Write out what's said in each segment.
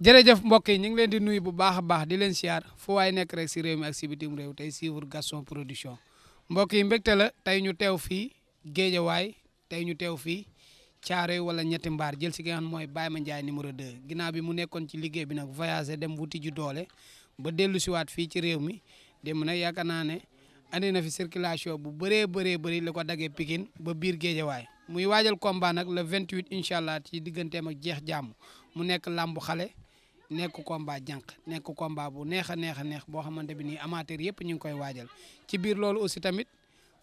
jërëjëf mbokk yi ñu ngi leen di nuyu bu baax baax di leen siyaar fu waay nekk rek si réew mi ak si bitim réew tey suivre Gaston Production mbokk yi mbégte la tey ñu teew fii Géejawaay tey ñu teew fii Caaroy wala ñetti mbaar jël si ki nga xam mooy Baye Mandiaye numéro ginaaw bi mu nekkoon ci liggéey bi nag voyagé dem wuti ju doole ba dellu siwaat fii ci réew mi dem na yaakaar naa ne andi na fi circulation bu bëree bëree bëri li ko dagee Pikine ba biir Géejawaay muy waajal combat nag le 28 incha allah ci digganteem ak jeex jàmm mu nekk làmbu xale nekk combat jànq nekk combat bu neex a neex a neex boo xamante bi nii amateur yëpp ñu ngi koy waajal ci biir loolu aussi tamit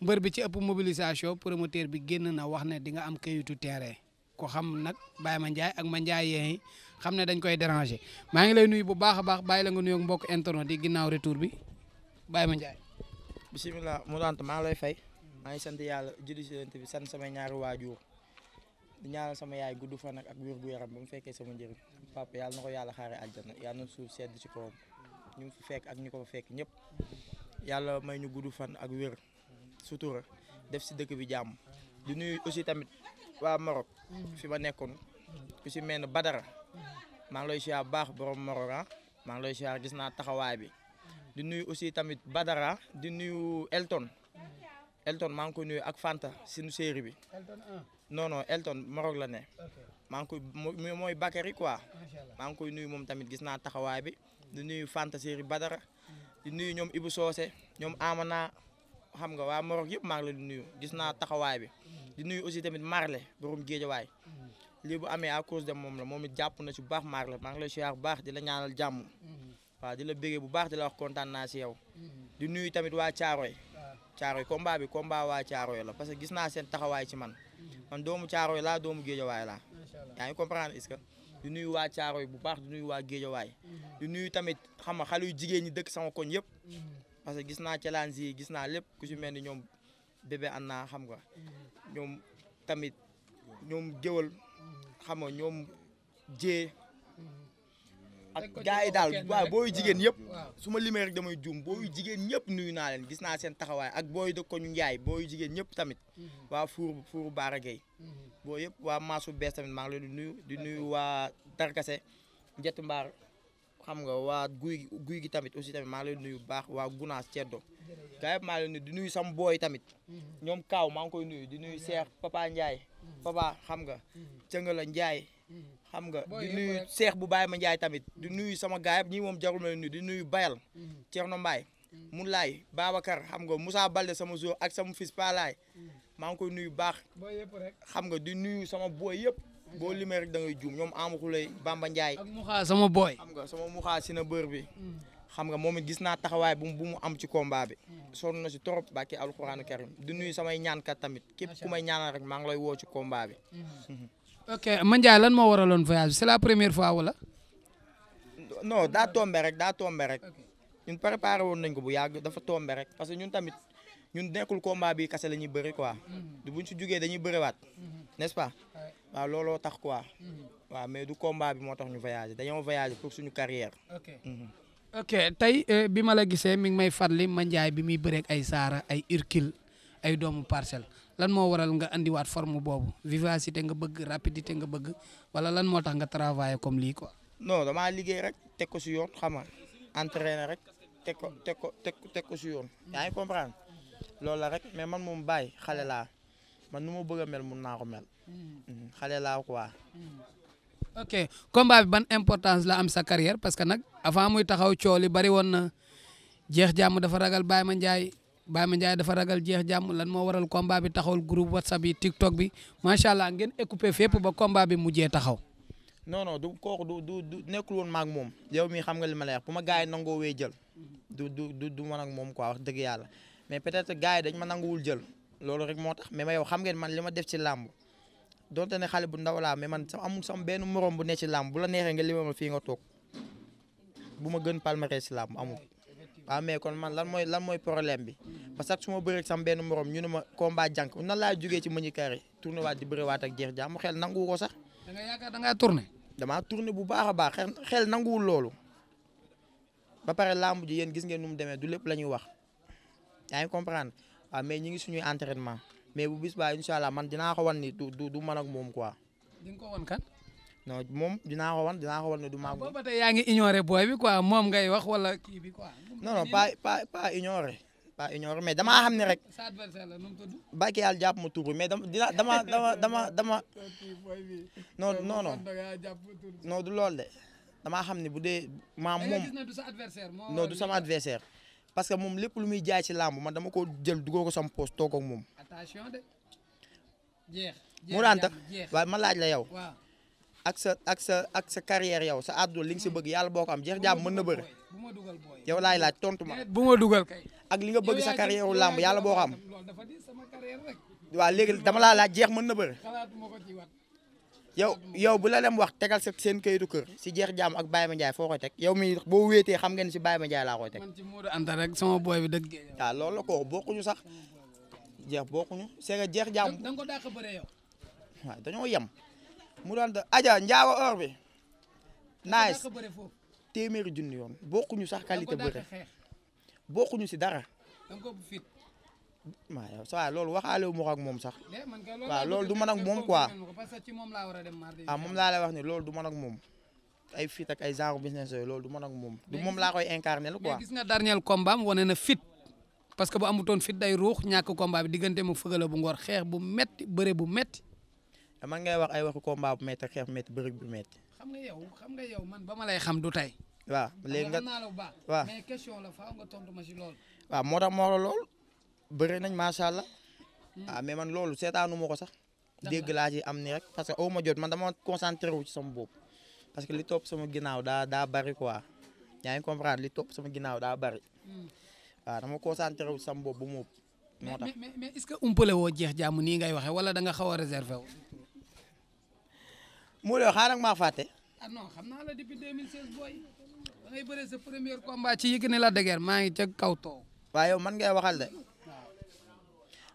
mbër bi ci ëpp mobilisation promoteur bi génn na wax ne di nga am kayitu terrain ko xam nag Baye Mandiaye ak Mandiaye yeey xam ne dañ koy déranger maa ngi lay nuyu bu baax a baax bàyyi la nga nuyoog mbokk internet di ginnaaw retour bi Baye Mandiaye. bisimilah mu dant maa lay fay maa ngi sant yàlla julli si bi sant samay ñaari waajur di sama yaay gudd fan ak wér gu yaram ba mu fekkee sama njëriñ. papa yàlla na ko yàlla xaare àjjana yàlla na suuf sedd ci kawam ñu fi fekk ak ñu ko fekk ñëpp yàlla may ñu gudd fan ak wér sutura def si dëkk bi jàmm di nuyu aussi tamit waa fi ma nekkoon ku si mel ne Badara lay siyaar baax borom Maroc ah maa ngi lay siyaar naa taxawaay bi di nuyu aussi tamit Badara di nuy Elton Elton maa ngi koy ak Fanta sunu série bi non Elton Maroc la ne maa ngi koy mooy Bakary quoi maa ngi koy nuyu moom tamit gis naa taxawaay bi di nuyu Fanta Seri Badara di nuyu ñoom Ibou Socé ñoom Amana xam nga waa Morog yëpp maa ngi la di nuyu gis naa taxawaay bi di nuyu aussi tamit Marle borom Géejawaay lii bu amee a cause de moom la moom it jàpp na ci bu baax Marle maa ngi lay siyaar bu baax di la ñaanal jàmm waaw di la bégee bu baax di la wax kontaan naa si yow di nuyu tamit waa Caaroy Caaroy combat bi combat waa Caaroy la parce que gis naa seen taxawaay ci man man doomu yaa ngi comprendre est di nuyu waa Caaroy bu baax di nuyu waa Géejawaay di nuyu tamit xam nga xale yu jigéen ñi dëkk sama koñ gis naa challenge gis naa lépp ku ci mel ni ñoom bébé an naa xam nga ñoom tamit ñoom géwal xam nga ñoom jee ak gars yi daal waaw booy jigéen yëpp su ma limee rek damay juum booy jigéen ñëpp nuyu naa leen gis naa seen taxawaay ak booy dëkk ko ñu njaay booy jigéen ñëpp tamit mm-hmm. waa fuur fuur boo yëpp waa maasu bees tamit maa ngi leen di nuyu di nuyu waa Darkase Njett Mbaar xam nga waa guy guy gi tamit aussi tamit maa ngi leen di nuyu bu baax waa Gunaas Ceddo gars yëpp maa ngi leen di nuyu sam booy tamit mhm. ñoom Kaaw maa ngi koy nuyu di nuyu Cheikh Papa Ndiaye mhm. Papa xam nga mhm. Cëngala Ndiaye xam nga di nuyu Cheikh bu Baye ma Ndiaye tamit di nuyu sama gars yëpp ñi moom jarul ma leen nuyu di nuyu Bayal Thierno Mbaye Moulay Babacar xam nga Moussa Balde sama jour ak sama fils Palaay maa ngi koy nuyu baax. booy yëpp rek nga di nuyu sama booy yëpp. boo limee rek da ngay juum ñoom Ama Khoulé Bamba Ndiaye. ak Mouha sama booy. xam nga sama Mouha si na bër bi. Mm. xam nga moom it gis naa taxawaay bu mu am ci combat bi. Mm. sonn na si trop bàkki alxuraanu di nuyu samay ñaankat tamit. képp ku may ñaanal rek maa ngi lay woo ci combat bi. Mm-hmm. Mm-hmm. ok man Ndiaye lan moo waraloon voyage bi c'est la première fois wala. no daa tombé rek daa tombé rek. ñun préparé woon nañ ko bu yàgg dafa tombé rek parce que ñun tamit. ñun nekkul combat bi kase la ñuy bëri quoi. bu buñ si jugee dañuy bëriwaat. n'est-ce pas. waaw looloo tax quoi. Mhm. waaw mais du combat bi moo tax ñu voyage dañoo voyager pour suñu carrière. ok mhm. ok tey euh, bi ma la gisee mi ngi may fàttali ma njaay bi muy bëreek ay saara ay Hercule ay doomu parcelle lan moo waral nga andiwaat forme boobu vivacité nga bëgg rapidité nga bëgg wala lan moo tax nga travailler comme lii quoi. non damaa liggéey rek teg ko si yoon xam nga entraîner rek te ko teg ko teg ko si yoon. loolu la rek mais man moom bàyyi xale laa man nu ma bëgg a mel mun naa ko mel. Mm-hmm. Mm-hmm. xale laa quoi. Mm-hmm. ok combat bi ban importance la am sa carrière parce que nag avant muy taxaw coow li bari woon na jeex jàmm dafa ragal Baye Mandiaye Baye Mandiaye dafa ragal jeex jàmm lan moo waral combat bi taxawul groupe whatsapp yi tiktok bi macha allah ngeen écoupé fépp ba combat bi mujjee taxaw. non du kooku du nekkul woon maak moom yow mii xam nga li ma lay wax bu ma gars yi nangoo we jël du du du du moom quoi dëgg yàlla mais peut-être gars yi dañ ma nanguwul jël loolu rek moo tax mais ma yow xam ngeen man li ma def si làmb donte ne xale bu ndaw laa mais man sama amul sama benn moroom bu ne ci làmb bu la neexee nga limal ma fii nga toog bu ma gën palmarès ci làmb amul. waaw mais kon man lan mooy lan mooy problème bi parce que suma ma bëree sama benn moroom ñu ne ma combat jànk nan laa jógee ci mëñu carré tourné waat di bëriwaat ak jeex jàmm xel nanguwu ko sax. yaakaar da ngaa tourné. damaa tourné bu baax a baax xel nanguwul loolu ba pare làmb ji yéen gis ngeen nu mu demee du lépp la ñuy wax. yaa ngi comprendre waaw ah, mais ñi ngi suñuy entraînement mais bu bis baa incha allah man dinaa ko wan ni du du du man ak moom quoi. di nga kan. non moom dinaa ko wan dinaa ko wan ne du maa. Ah, boobu yaa ngi ignoré boy bi quoi moom ngay wax wala kii bi quoi. non non pas pas pas ignoré. mais damaa xam ne rek. sa adversaire la nu mu tudd. bàyyi yàlla jàpp ma tur mais dama dama dama dama dama. non non non non du loolu de damaa xam ne bu dee. maam moom non du sama adversaire. parce que moom lépp lu muy jaay ci làmb man dama ko jël dugal ko sama poos toog ak moom. attention de. jeex jeex ma laaj la yow. waaw ak sa ak sa ak sa carrière yow sa àdduna li nga si bëgg yàlla boo ko am jeex jaam mën na bëri. bu ma dugal booy yow laay laaj tontu ma. bu ma li nga bëgg sa wu làmb yàlla boo ko am. waaw léegi dama laa laaj jeex mën na yow yow bu la lem wax tegal sa seen kayitu kër si jeex jaam ak Baye Mandiaye foo koy teg yow mi boo wéetee xam ngeen si Baye Mandiaye laa koy teg. man ci Modou Anta rek sama boy bi dëgg. waaw ah, loolu la ko bokkuñu sax jeex bokkuñu c'est que jeex jaam. da nga ko dàq bëree yow. waaw dañoo yem. mu doon da Adja njaawa heure bi. naaj téeméeri junni yoon bokkuñu sax qualité bëre si dara. maa yow ça va loolu waxaale wu ma ko ak moom sax eh, waaw loolu du man ak moom quoi ah moom laa lay wax ne loolu du man ak moom ay fit ak ay genre business yooyu loolu du man ak moom du moom laa koy incarné la quoi. mais gis nga dernier combat am wane na fit parce que bu amutoon fit day ruux ñàkk combat bi diggante mu fëgala bu ngor xeex bu metti bëre bu metti ah, man ngay wax ay waxu combat bu metti ak xeex bu metti bëre bu metti xam nga yow xam nga yow man ba ma lay xam du tey. waa léegi nga waaw mais question la faaw nga tontu ma ci loolu. waaw moo la bëre nañ macha allah. Hmm. ah mais man loolu seetaanu ma ko sax. dégg laa ci am ni parce que aw ma jot man dama concentré wu ci sama bopp. parce que li topp sama ginnaaw daa bari bëri quoi yaa ngi comprendre li sama ginnaaw daa bëri. waaw hmm. ah, dama concentré wu ci sama bu mu. moo tax mais mais est-ce que umpale woo jeex jàmm nii ngay waxee wala da nga xaw a réservé wu. mu loolu xaaral maa fàtte. ah non xam naa la depuis 2016 booy la dëgër maa ngi ca kaw toow. man ngay de.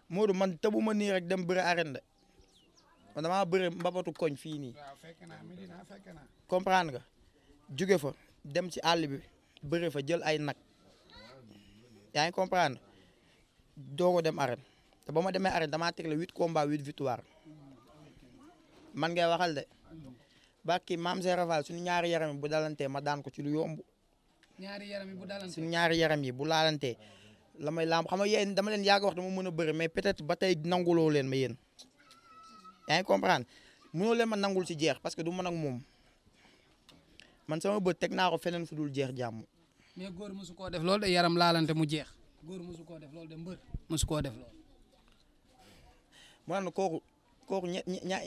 Modou man tëbu ma nii rek dem bëre arène de man damaa bëre mbapatu koñ fii nii comprendre nga jóge fa dem ci àll bi bëre fa jël ay nag yaay ngi comprendre doogo dem arène te ba ma demee arène damaa tegle huit combats huit victoire man ngay waxal de barki maam Seex Rafal suñu ñaari yaram bu dalantee ma daan ko ci lu yomb. ñaari yaram yi bu dalantee suñu ñaari yaram yi bu laalantee. la may laam xam nga dama leen yàgg wax dama mën a bëri mais peut-être ba tey nanguloo leen ma yéen yaa ngi comprendre mënoo ma nangul ci jeex parce que du man ak moom man sama bët teg naa ko feneen fu dul jeex jàmm. mais góor mosu koo def loolu de yaram laalante mu jeex. góor mosu koo def loolu de mbër koo def loolu. mu naan kooku kooku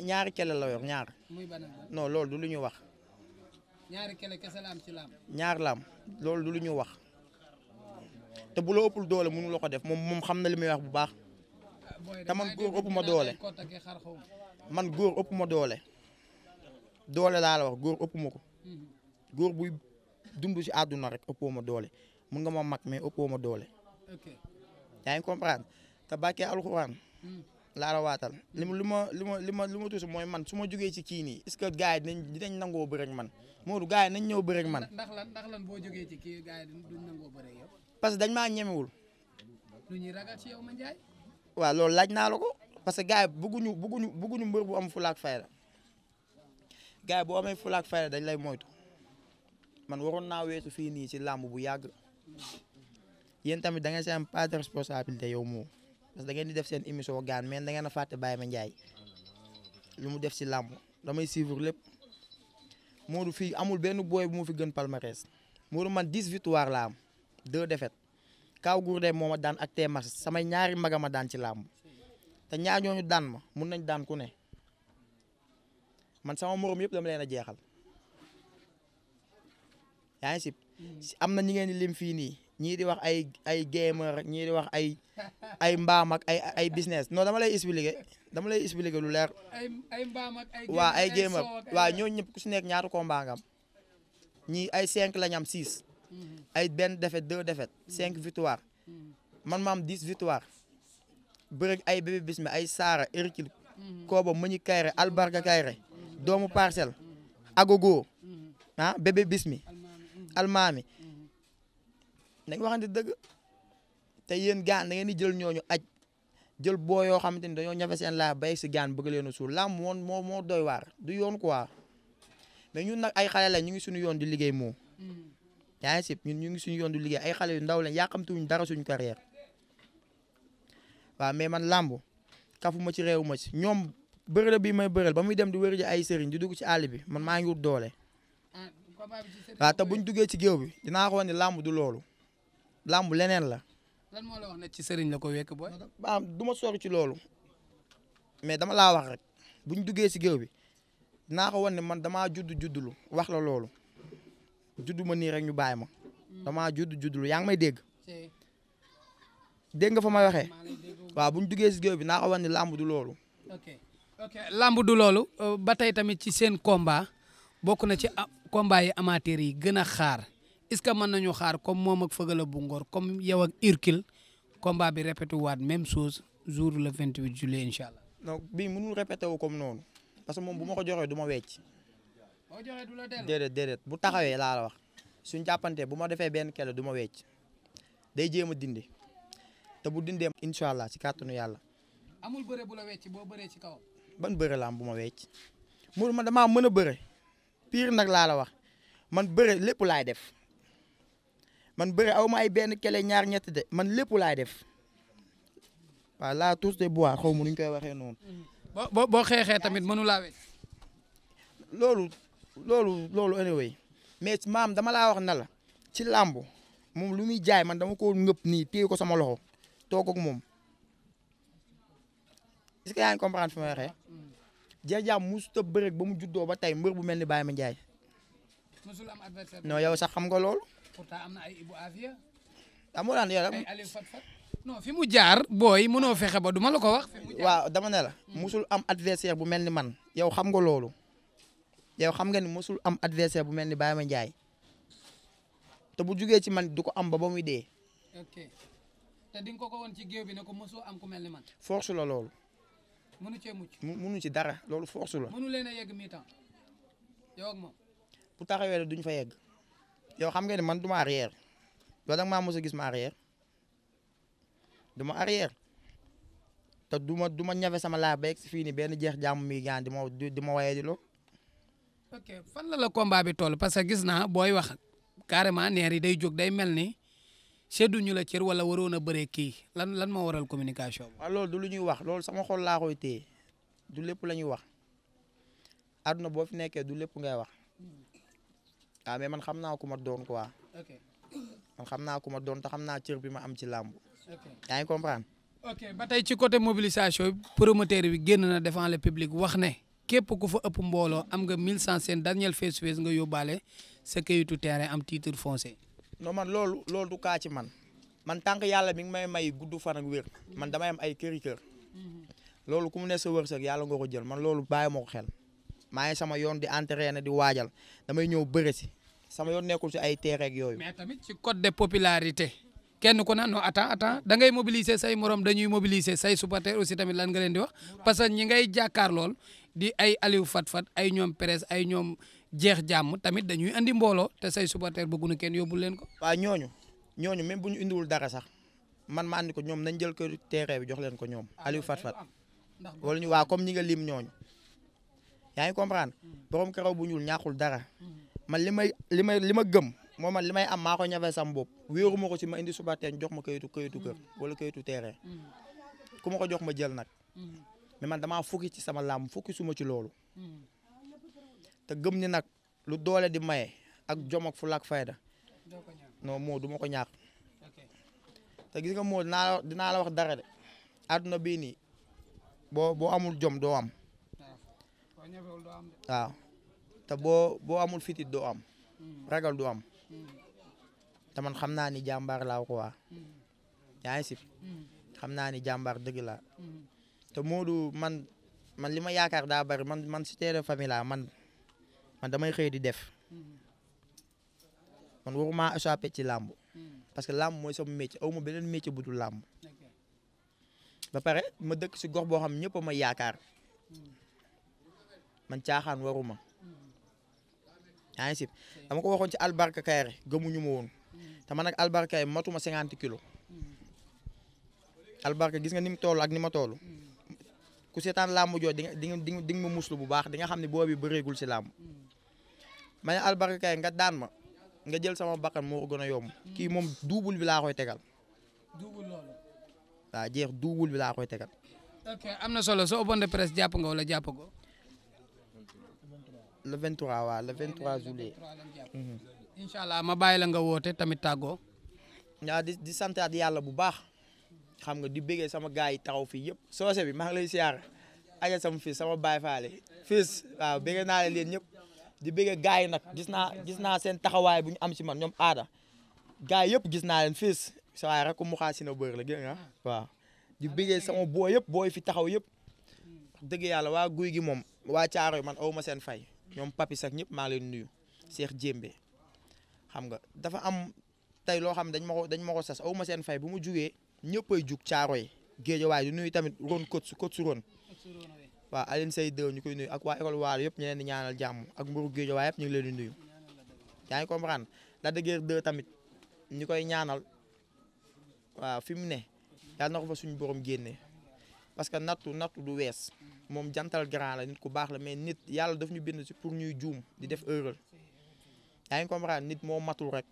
ñaari kele la yor ñaar. muy ban non loolu lu ñu wax. ñaari kele kese la si ci laam. ñaar laam loolu du lu ñu wax. te bu la ëppul doole mënu la ko def moom moom xam na li muy wax bu baax te man góor ëpp ma doole man góor ëpp ma doole doole laa la wax góor ëpp ma ko mhm. góor buy dund ci àdduna rek ëppoo ma doole mun nga ma mag mais ëppoo ma doole. yaa ngi comprendre te bàkkee alxuraan. Mhm. laa la waatal li ma li ma li ma li ma li ma tuuti mooy man su ma jógee ci kii nii est que gars yi dinañ dinañ nangoo man Modou gars nañ ñëw bëri man. ndax lan ndax boo jógee ci kii gars yi parce que dañ maa ñemewul. lu ñuy ragal loolu laaj naa la ko parce que gars yi bëgguñu bëgguñu bëgguñu mbër bu am fulaak fayda gars yi boo amee fulaak fayda dañ lay moytu man waroon naa weesu fii nii si làmb bu yàgg yéen tamit da ngeen si am pas de responsabilité yow moom parce que da ngeen di def seen émission gaan mais da ngeen a fàtte Baye Mandiaye lu mu def si làmb damay suivre lépp Modou fii amul benn booy bu mu fi gën palmarès Modou man dix victoire la deux défaites Kaaw Gourdin moo ma daan ak tee mars samay ñaari magama daan ci làmb te daan ma mun nañ daan ku ne man sama morom yëpp dama leen a jeexal yaa ngi mm-hmm. si am na ñi ngeen di lim fii nii ñii di wax ay ay gamer ñii di wax ay ay mbaam ak ay ay business non dama lay expliquer dama lay expliquer lu leer. ay ay mbaam ak ay. gamer waaw ñooñu ñëpp ku si nekk ñaata combat nga am ay cinq lañ am six. Mm-hmm. ay benn défaite deux défaites mm-hmm. cinq victoire mm-hmm. man ma am dix victoire bërëg ay bébé bismi ay saara Hercule Kooba Mëñi Kayre Albarka Kayre doomu parcelle agogo ah bébé bismi almaami dañ waxante dëgg te yéen gaan da ngeen di jël ñooñu aj jël boo yoo xamante ni dañoo ñafe seen laa bay si gaan bëgg leen a suul làmb woon moo moo doy waar du yoon quoi mais ñun nag ay xale la ñu ngi suñu yoon di liggéey moo yaa ngi ñun ñu ngi suñu yoon du liggéey ay xale yu ndaw lañ yàqamtuwuñ dara suñu carrière waaw mais man làmb kafuma ci réew ma ci ñoom bërël bi may bërël ba muy dem di wër ji ay sëriñ di dugg ci àll bi man maa ngi wut doole. waaw buñ duggee ci géew bi dinaa ko wax ne làmb du loolu làmb leneen la. lan moo la wax ne ci sëriñ la ko wekk booy. ah du ma sori ci loolu mais dama laa wax rek buñ duggee ci géew bi dinaa ko wan ne man damaa judd juddlu wax la loolu. juddu ma nii rek ñu baay ma mm. damaa judd juddul yaa ngi may dégg dégg nga fa may waxee waaw bu ñu duggee si géew bi naa ko wan ni làmb du loolu. ok làmb du loolu euh, ba tey tamit ci seen combat bokk na ci combat yi amateur yi gën a xaar est-ce que mën nañu xaar comme moom ak Feugeula bu Ngor comme yow ak Hercule combat bi répété waat même chose jour le 28 juillet incha allah. donc bii mënul répété wu comme noonu parce que moom bu ma ko joxee du ma wecc boo joxee du la dellu bu taxawee laa la wax suñ jàppante bu ma defee benn kele du ma wecc day jéem a dindi te bu dindee incha allah ci kàttanu yàlla. amul bëre bu la wecc boo bëree ci kaw ban bëre la am bu ma wecc Mourou ma damaa mën a bëre pire nag laa la wax man bëre lépp laay def man bëre aw ma ay benn kele ñaar ñett de man lépp laay def wa laa tous de bois xaw ma nu ñu koy waxee noonu. Mm. boo boo tamit mënu laa wecc. loolu loolu loolu anyway mais maam dama laa wax na la ci làmb moom lu muy jaay man dama ko ngëpp nii téye ko sama loxo toog ak moom est que yaa ngi comprendre fi ma waxee Jeer Jaam mm. ba mu juddoo ba tey mbër bu mel ni Baye Ma Ndiaye. mosul am adversaire non yow sax xam nga loolu. pourtant am na ay Ibou Afia. Ah, fi mu jaar booy mënoo fexe ba duma la ko wax. waaw dama ne la. mosul mm. am adversaire bu mel ni man yow xam nga loolu. yow xam nga ni mosul am adversaire bu mel ni Baye Mandiaye te bu jugee ci man du ko am ba ba muy dee. ok te di ko ko woon ci géew bi ne ko mosoo am ku mel ni man. force la loolu. mënu cee mucc mënu ci dara loolu force la. mënu leen a yegg mi temps yow ak taxawee la duñ fa yegg yow xam nga ni man du ma arrière yow da nga gis ma arrière du ma arrière te du ma du ma ñafe sama laa beeg si fii ni benn jeex jàmm mi gaan di ma di ma waye ok fan la la combat bi toll parce que gis naa booy wax carrément neer yi day jóg day mel ni sedduñu la cër wala waroon a bëree kii lan lan moo waral communication bi. waaw du lu ñuy wax loolu sama xol laa koy téye du lépp la ñuy wax àdduna boo fi nekkee du lépp ngay wax waaw hmm. ah, me man xam naa ku ma doon quoi. man xam naa ku ma doon ta xam naa cër bi ma am ci làmb. yaa ngi comprendre. ok ci côté mobilisation promoteur bi génn na devant le public wax ne. képp ku fa ëpp mbooloo am nga 1100 seen dernier face-à-face nga yóbbaale sa kayitu terrain am titre foncier. non man loolu loolu du kaa man man tànk yàlla mi ngi may may gudd fan ak wér man damay am ay këri kër loolu ku mu ne sa wërsëg yàlla nga ko jël man loolu bàyyi moo xel maaye ngi sama yoon di entraîné di waajal damay ñëw bëre si sama yoon nekkul si ay terrain yooyu. mais tamit si code de popularité. kenn ku ne non attends attends da ngay mobiliser say morom dañuy mobiliser say supporters aussi tamit lan nga leen di wax parce que ñi ngay jàkkaar di ay Aliou Fat Fat ay ñoom presse ay ñoom jeex jàmm tamit dañuy andi mbooloo te say supporter bëgguñu kenn yóbbul leen ko. waaw ñooñu ñooñu même bu ñu indiwul dara sax man ma andi ko ñoom nañ jël kër tere bi jox leen ko ñoom ah, Aliou Fat Fat wala ñu waa comme ñi nga lim ñooñu yaa ngi comprendre hmm. borom karaw bu ñuul ñaaxul dara hmm. man li may li may li ma gëm. moom man li may am maa ña ñafee sam bopp wéeru ma ko ci ma indi suba teen jox ma kayitu kayitu kër hmm. wala kayitu tere ku ma ko jox ma jël nag mais man damaa fukki ci sama làmb fukki suma ci loolu. Hmm. te nag lu doole di maye ak jom ak fulla ak fayda. non moo du ma ko ñaax. te gis nga dinaa la dinaa la wax dara amul jom doo am. Ah, waaw te boo amul fitit doo am. Hmm. ragal du am. Hmm. te man xam naa ni jàmbaar laa ko waa. yaa ngi si. te Modou man man li ma yaakaar daa bari man man si terrain famille laa man man damay xëy di def mm-hmm. man waruma échappé ci làmb mm-hmm. parce que làmb mooy sama métier aw ma beneen métier bu dul làmb ba pare ma dëkk si gox boo xam ñëpp ma yaakaar mm-hmm. man caaxaan waruma yaa ngi si dama ko waxoon ci albarka Kayre gëmuñu ma woon te man ak albarka Kayre matuma 50 kilos albarka gis nga ni mu ni ma toll. ku seetaan làmb jooju di nga di nga di nga ma bu baax di nga xam ne boobu bëreegul si làmb ma ne albarka kay nga daan ma nga jël sama bakkan moo ko gën a kii moom double bi laa koy tegal. double jeex double bi laa koy tegal. am na solo soo bonne presse jàpp nga wala jàpp ko. le 23 waaw le ma bàyyi la nga woote tamit tàggoo. waaw di di santaat yàlla bu baax. xam nga di bëggee sama gars yi taxaw fii yëpp soose bi maa ngi lay siyaar aja sama fils sama baay faale fils waaw bëggee naa leen ñëpp di bëggee gars yi nag gis naa gis naa seen taxawaay bu ñu am si man ñoom aada gars yëpp gis naa leen fils sa waay rek na bër la nga waaw di bëggee sama boo yëpp booy fi taxaw yëpp dëgg yàlla waa guy gi moom waa caaro man aw ma seen fay ñoom papi sax ñëpp maa ngi leen nuyu Cheikh Jémbe xam nga dafa am tey loo xam dañ ma dañ ma ko sas aw ma seen fay bu mu jugee ñëppay jug caaro yi géejawaay di nuyu tamit ron kot su kot su ron waaw Alioune Seye ñu koy nuyu ak waa école waalo yëpp ñu leen di ñaanal jàmm ak mburu géejawaay yëpp ñu ngi leen di nuyu yaa ngi comprendre la dëggeer Deo tamit ñu koy ñaanal waaw fi mu ne yàlla na fa suñu borom génne parce que natu nattu du wees moom jantal grand la nit ku baax la mais nit yàlla daf ñu bind ci pour ñuy juum di def erreur yaa ngi comprendre nit moo matul rek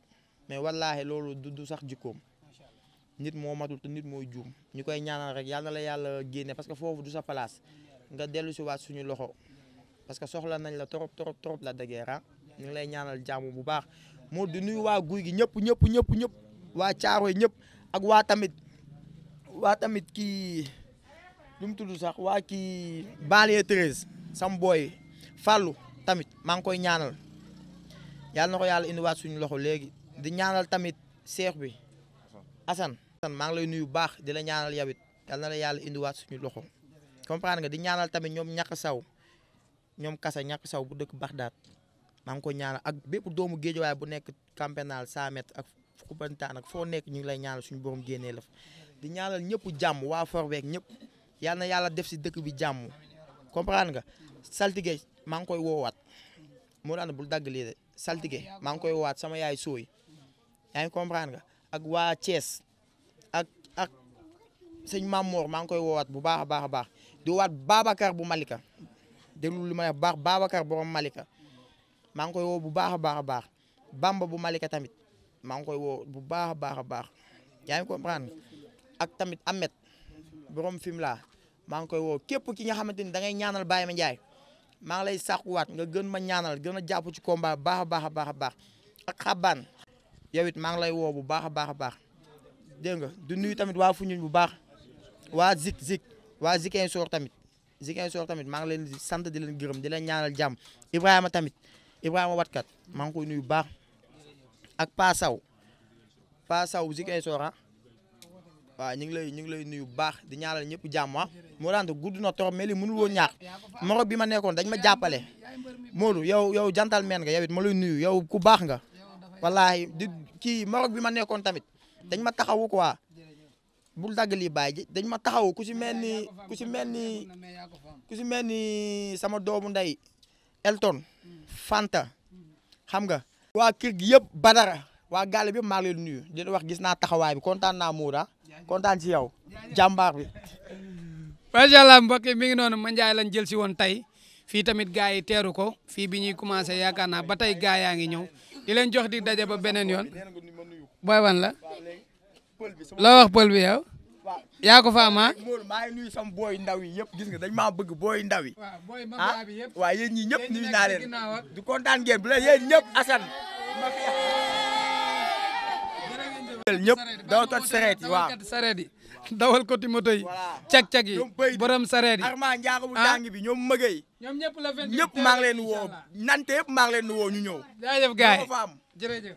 mais wallaahi loolu du du sax jikkoom nit moo matul te nit mooy juum ñu koy ñaanal rek yàlla na la yàlla génne parce que foofu du sa place nga dellu si waat suñu loxo parce que soxla nañ la trop trop trop la dageera ah. ñu ngi lay ñaanal jàmm bu baax moo di nuyu waa guy gi ñëpp ñëpp ñëpp ñëpp waa Caaroy ñëpp ak waa tamit waa tamit kii lu mu tudd sax waa kii banlieue treize sam booy fàllu tamit maa ngi koy ñaanal yàlla na ko yàlla indiwaat suñu loxo léegi di ñaanal tamit seex bi Assane maa ngi lay nuyu baax di la ñaanal yawit yal na la yàlla indiwaat suñu loxo comprendre nga di ñaanal tamit ñoom ñàkk saw ñoom kasa ñàkk saw bu dëkk Baxdaat maa ngi ko ñaanal ak bépp doomu géejawaay bu nekk campenal 100 ak xubantaan ak foo nekk ñu ngi lay ñaanal suñu borom génnee la fa di ñaanal ñëpp jàmm waa forbeek ñëpp yal na yàlla def si dëkk bi jàmm comprendre nga saltige maa ngi koy woowaat moo daan bul dagg lii de saltige maa ngi koy woowaat sama yaay sooy yaa ngi comprendre ak waa Thiès sëñ Mamour maa ngi koy woowaat bu baax a baax a baax di woowaat Babacar bu Malika déglu lu ma wax baax Babacar borom Malika maa ngi koy woo bu baax a baax a baax Bamba bu Malika tamit maa ngi koy woo bu baax a baax a baax yaa ngi comprendre ak tamit amet borom film laa maa ngi koy woo képp ki nga xamante ni da ngay ñaanal Baye Mandiaye maa ngi lay sàkkuwaat nga gën ma ñaanal gën a jàpp ci combat baax a baax a baax a baax ak xabaan yow it maa ngi lay woo bu baax a baax a tamit waa Foundiougne bu baax. waa Zik Zik waa Ziguinchor tamit Ziguinchor tamit maa ngi leen di sant di leen gërëm di leen ñaanal jàmm Ibrahima tamit Ibrahima watkat maa ngi koy nuyu baax ak Pa Saw Pa Saw Ziguinchor ah waaw ñu ngi lay ñu ngi lay nuyu baax di ñaanal ñëpp jàmm ah. moo daan gudd na trop mais li mënul bi ma nekkoon dañ ma jàppale Modou yow yow jantal meen nga yow it ma nuyu yow ku baax nga bi ma nekkoon tamit dañ ma taxawu bul daggali baay ji dañ ma taxaw ku si mel ni ku si mel ni ku si mel ni sama doomu ndey Elton mm. Fanta mm. xam nga. waa kër gi yëpp Badara waa gaale bi yëpp maa ngi leen nuyu di wax gis naa taxawaay bi kontaan naa Moura kontaan ci yow jàmbaar bi. macha allah mbokk mi ngi noonu Mandiaye lañ jël si woon tey fii tamit gars yi teeru ko fii bi ñuy commencé yaakaar naa ba tey gars yaa ngi ñëw di leen jox di daje ba beneen yoon booy wan la. loo wax pël bi yow. yaa ko booy ndaw yi yëpp gis nga dañ bëgg booy ndaw yi. ah waaw yéen ñii ñëpp nuyu naa leen du kontaan ngeen bu la yéen ñëpp Assane. ñëpp dawal kat sareet yi waaw dawal koti moto yi cag-cag borom sareet yi arma njaaxu bu ah? jàng bi ñoom mëgey ñoom ñëpp la ñëpp maa ngi leen woo nante yëpp maa